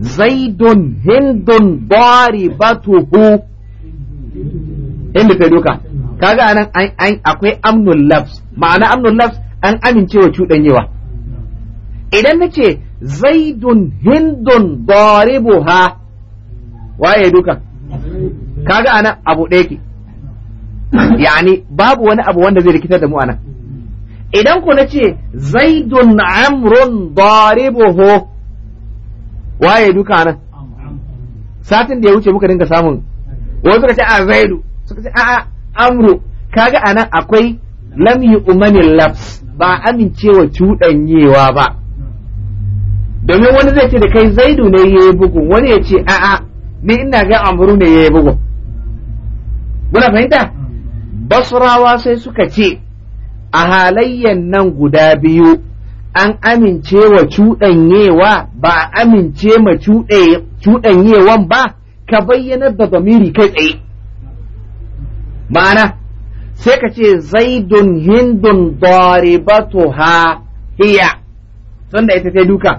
zaidun hindun daribatuhu inda ta duka kaga anan akwai amnul ma'ana amnul labs an amincewa cuɗanyewa idan na ce zaidun hindun daribuha waye duka kaga anan abu ɗaya yani babu wani abu wanda zai rikitar da mu anan idan ku nace zaidun amrun daribuhu waye duka nan satin da ya wuce muka dinga samun wasu suka ce a zaidu suka ce a amru kaga anan akwai lam yu'manil Labs? ba amincewa cuɗanyewa ba domin wani zai ce da kai zaidu ne ya yi bugun wani ya ce a'a ni ina ga Amru ne ya yi bugun muna fahimta basrawa sai suka ce a halayyan nan guda biyu an amince wa cuɗanyewa ba a amince ma cuɗanyewan ba ka bayyanar da zamiri kai tsaye ma'ana sai ka ce zaidun hindun ha hiya da ita ta duka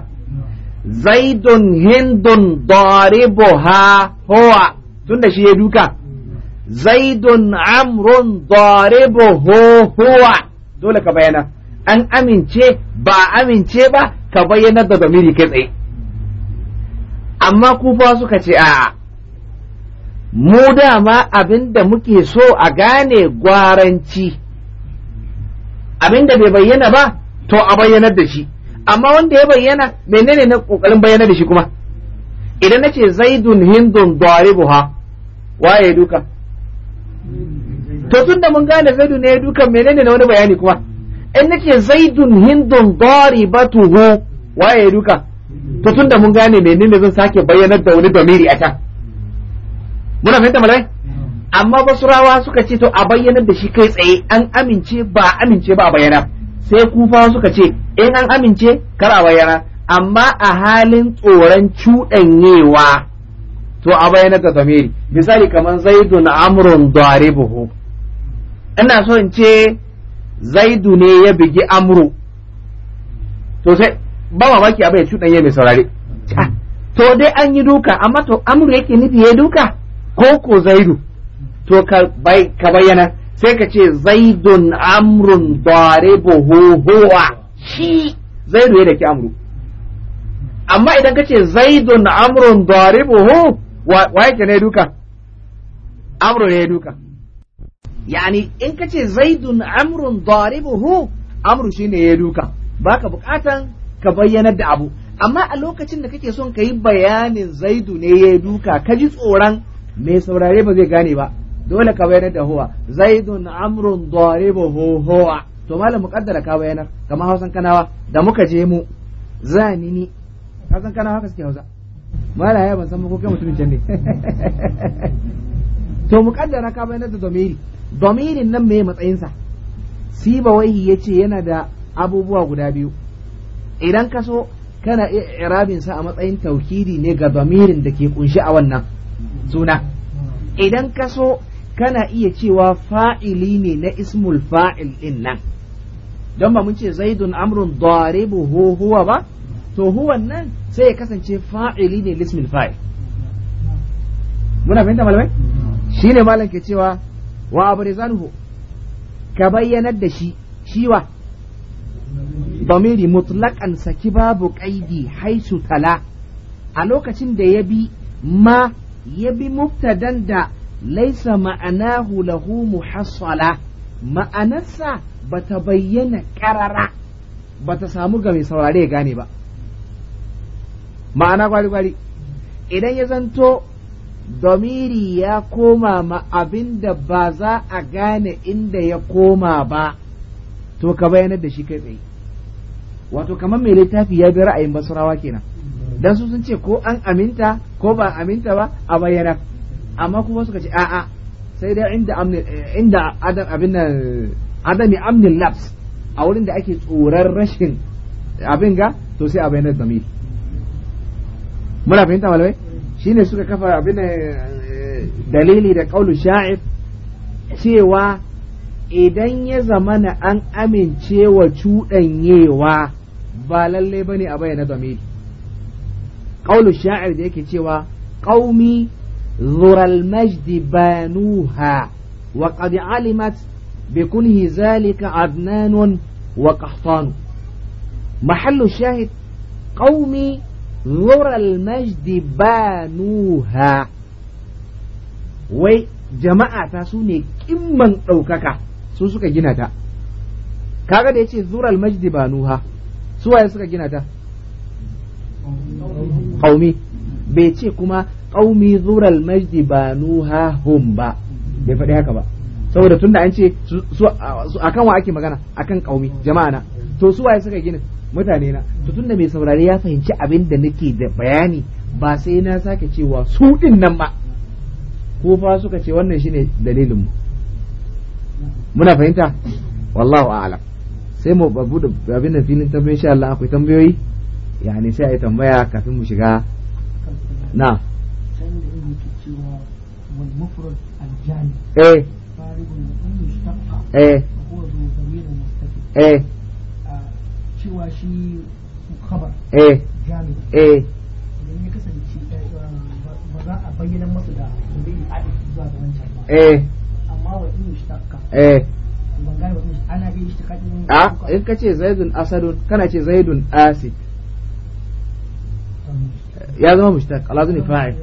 zaidun hindun daribuha tun da shi ya duka zaidun amrun daribuhu huwa dole ka bayyana an amince ba amince ba ka bayyanar da zamiri kai tsaye amma kufa suka ce a mu dama abin da muke so a gane gwaranci abin da bai bayyana ba to a bayyanar da shi amma wanda ya bayyana menene na kokarin bayyana da shi kuma idan na ce zaidun hindun daribuha waye duka to tunda mun gane zaidu ne dukan menene na wani bayani kuma in nake zaidun hindun daribatuhu waye ya duka to tunda mun gane menene zan sake bayyanar da wani domiri a can muna fahimta malai amma basurawa suka ce to a bayyanar da shi kai tsaye an amince ba amince ba a bayyana sai kufa suka ce in an amince kar a bayyana amma a halin tsoron cuɗanyewa to a bayyana ta zamiri misali kamar zaidun amrun daribuhu ina so in ce zaidu ne ya bigi amru to sai ba mamaki abin ya cuɗanye mai saurare to dai an yi duka amma to amru yake nufi ya duka ko ko zaidu to ka bayyana sai ka ce zaidun amrun daribuhu huwa shi zaidu ya daki amru amma idan ka ce zaidun amrun daribuhu wa yake ne duka amru ne duka yani in ka ce zaidun amrun daribuhu amru shine ya duka baka bukatan ka bayyanar da abu amma a lokacin da kake son ka yi bayanin zaidu ne ya duka ka ji tsoron mai saurare ba zai gane ba dole ka bayyanar da huwa zaidun amrun daribuhu huwa to malam muqaddara ka bayyana, kamar hausan kanawa da muka je mu zanini hausan kanawa haka suke hausa mala ya ban san ko kai mutumin can to mu kaddara ka bayyana da domiri domirin nan me matsayinsa siba wai yace yana da abubuwa guda biyu idan ka so kana iya irabin sa a matsayin taukidi ne ga domirin da ke kunshi a wannan suna idan ka so kana iya cewa fa'ili ne na ismul fa'il din nan don ba mun ce zaidun amrun daribu huwa ba to huwan nan sai ya kasance fa'ili ne lismin fa'il muna fahimta malamai shine malam ke cewa wa abrizanhu ka bayyanar da shi shiwa Bamiri mutlaqan saki babu qaidi haisu tala a lokacin da ya bi ma ya bi mubtadan da laisa ma'anahu lahu muhassala ma'anarsa bata bayyana karara bata samu ga mai saurare ya gane ba ma'ana gwari-gwari idan ya zanto domiri ya koma ma abin da ba za a gane inda ya koma ba to ka bayanar da shi kai tsaye wato kamar mai littafi ya bi ra'ayin basurawa kenan dan su sun ce ko an aminta ko ba aminta ba a bayyana amma kuma suka ce a'a sai dai inda inda adam abin nan adami amnin labs a wurin da ake tsoron rashin abin ga to sai a bayyana domiri muna fahimta malamai shine suka kafa abin eh, dalili da kaulu sha'ib cewa idan ya zamana an amincewa cuɗanyewa ba lalle ne a bayyana zamiri kaulu sha'ir da yake cewa ƙaumi zural majdi banuha wa qad alimat zalika ذلك عدنان وقحطان محل الشاهد قومي ذر المجد بانوها wai jama'ata ta su ne kimman ɗaukaka su suka gina ta kaga da yace ce zural majdi banuha su suka gina ta ƙaumi bai ce kuma ƙaumi zural majdi banuha hum ba bai faɗi haka ba saboda tunda an ce su akan ake magana akan ƙaumi jama'a na to su suka gina mutane na to tunda mai saurari ya fahimci abin da nake da bayani ba sai na sake cewa su din nan ba ko fa suka ce wannan shine dalilin mu muna fahimta wallahu a'lam sai mu babu da abin da filin tambayoyi insha Allah akwai tambayoyi yani sai a yi tambaya kafin mu shiga na eh eh eh cewa shi khabar eh eh ya kasance eh, ba za a bayyana masa da zai yi adi zuwa ga wancan ba eh amma wa eh ban gane wa ana iya ishtaka din ah, in kace zaidun asadun kana ce zaidun asid um, ya zama mushtaq fa'il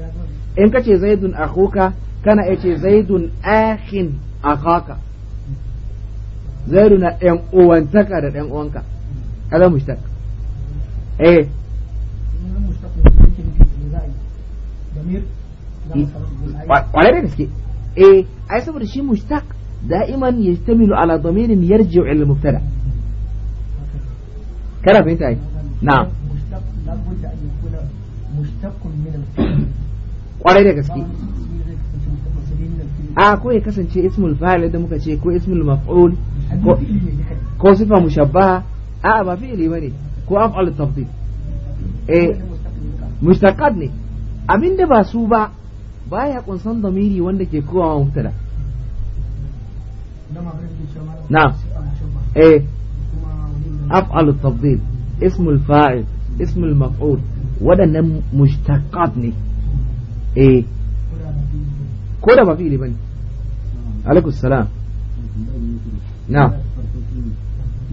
in zaidun akhuka kana iya ce zaidun akhin akaka mm. zaidun na ɗan uwantaka da ɗan uwanka kaga mushtaq eh kwarai da gaske eh ai saboda shi mushtaq da'iman yajtamilu ala da gaske a ko ya kasance ismul fayal da muka ce ko ismul maf'ul ko sifa mushabba. a'a ba fi'ili bane ko af'al tafdil eh ne abinda ba su ba baya kunsan damiri wanda ke kowa mubtada na'am eh af'al tafdil اسم الفاعل اسم المفعول waɗannan mushtaqat ne eh. ko da ba fi'ili bane alaikum salam na'am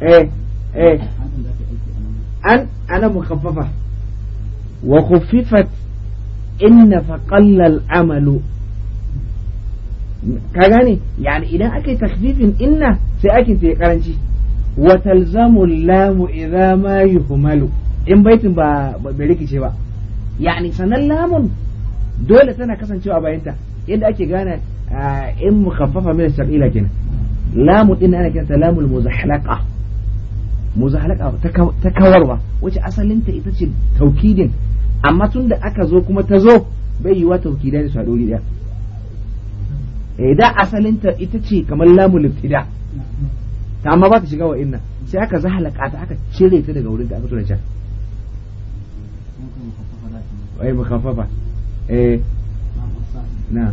eh eh an ana mukaffafa wa khuffifat inna fa qalla al-amalu ka gane yani idan ake yi takfifin inna sai ake sai karanci wa talzamu lamu idza ma yuhmalu in baitin ba bai rikice ba yani sanan lamun dole tana kasancewa bayanta yadda ake gane ah, in mu mukaffafa min sar'ila kenan lamu din ana kiransa lamul muzahlaqa muzahlaqa ta kawarwa wace asalinta ita ce taukidin amma tun da aka zo kuma ta zo bai yiwa taukida da sadori daya eh da asalin ta ita ce kamar lamul ibtida ta amma ba ta shiga wa sai aka zahalaka ta aka cire ta daga wurin da aka tura can ai mukaffafa eh na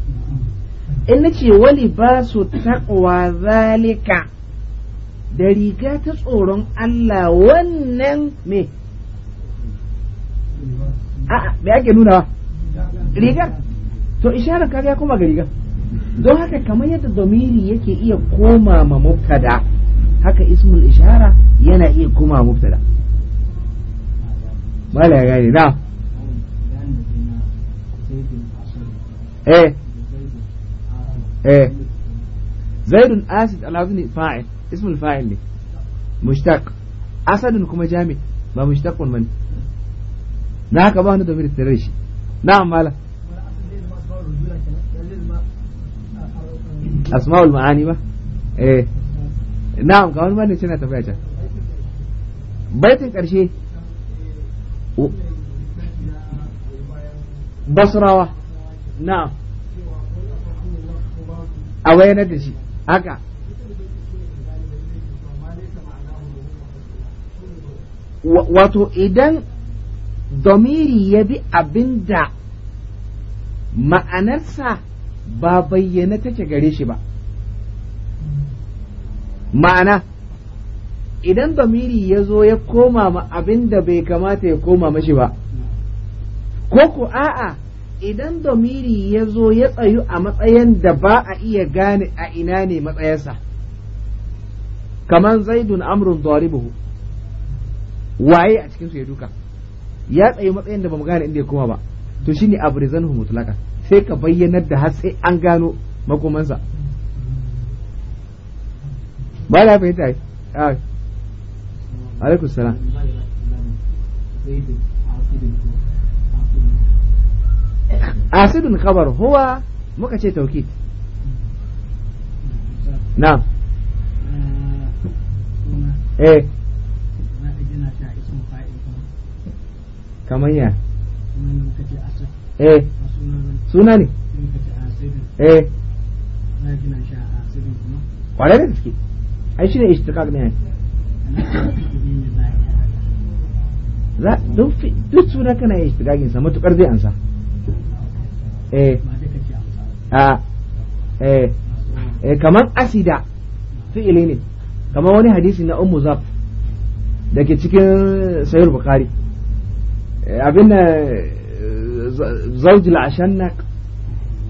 in na ce wali ba su taɓa zalika da riga ta tsoron Allah wannan me a'a me ake nuna rigar to isharar ya kuma ga rigar don haka kamar yadda domini yake iya koma ma mubtada haka ismul ishara yana iya koma ma mubtada mala ya gane na eh eh zaidun asid alazni fa'il ismul fa'il ne mushtaq asadun kuma jami ba mushtaqun man na haka ba wani domin tare shi na'am mala asma'ul ma'ani ba eh ga wani malin cina tafiya can baitin karshe basrawa na'am a wayanar da shi haka wato idan domiri ya bi abin da ma'anarsa ba bayyana take gare shi ba ma'ana idan domiri ya zo ya koma ma abin da bai kamata ya koma mashi ba ko ku a'a idan domiri ya zo ya tsayu a matsayin da ba a iya gane a ina ne matsayarsa kaman zaidun amrun daribuhu waye a cikinsu ya duka ya tsayu matsayin da ba mu gane inda ya koma ba to shine abrizanhu mutlaqan sai ka bayyanar da har an gano makomansa ba da fahimta salam asidun kabar huwa muka ce taukid eh. eh. na eh kamar ya eh suna ne eh kwarai da suke ai ishi ta ne yanki duk suna kana ta sa matukar zai ansa eh a eh eh kamar asida fi'ili ne kamar wani hadisi na ummu zaf da ke cikin sayar bukari abin da zaujil ashannak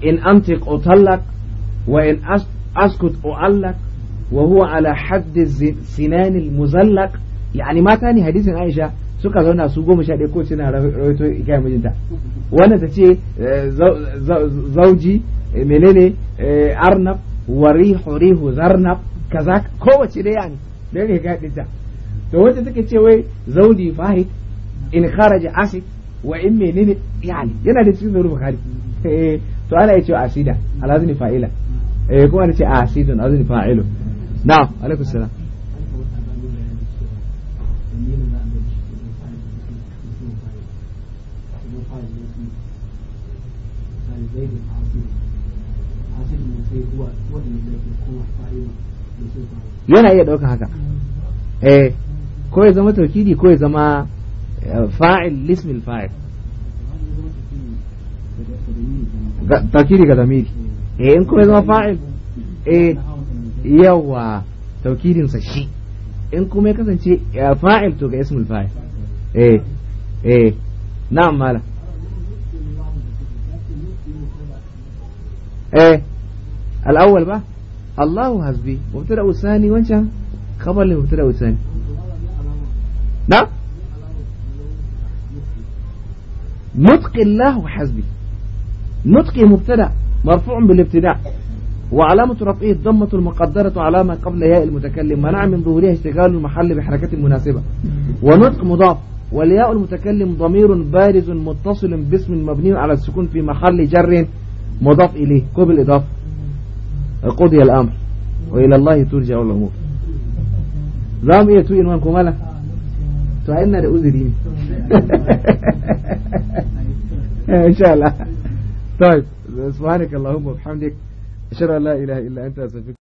in antiq utallak wa in askut uallak wa huwa ala haddi sinanil muzallak yani mata ne hadisin aisha suka zauna su goma sha ɗaya ko suna rawaito hikaya mijinta wannan ta ce eh, zauji eh, menene eh, arnab wari rihu zarnab kaza kowace dai yani ne ga ɗinta to wacce take ce wai zauji fahid in kharaja asid wa in menene yani yana da cikin zuru bukhari to ana yace asida alazini fa'ila eh kuma ana ce asidun alazini fa'ilu na'am alaikum salam zai da ne sai zuwa kuma yana iya ɗauka haka eh ko ya zama taukidi eh, eh, ko ya zama fa'il lismil fa'il taukidi ga zamiri eh in kuma ya zama fa'il eh yawa taukidinsa shi in kuma ya kasance eh, fa'il to ga ismul fa'il eh eh na'am malam ايه الاول بقى الله حسبي مبتدا وثاني وانشا خبر للمبتدا وثاني نعم نطق الله حسبي نطق مبتدا مرفوع بالابتداء وعلامة رفعه الضمة المقدرة علامة قبل ياء المتكلم منع من ظهورها اشتغال المحل بحركة مناسبة ونطق مضاف والياء المتكلم ضمير بارز متصل باسم مبني على السكون في محل جر مضاف إليه كوب الإضافة قضي الأمر وإلى الله ترجع الأمور زام إيه توي إنوان كمالا تعالنا رؤوز دين إن شاء الله طيب سبحانك اللهم وبحمدك أشهد أن لا إله إلا أنت أسفك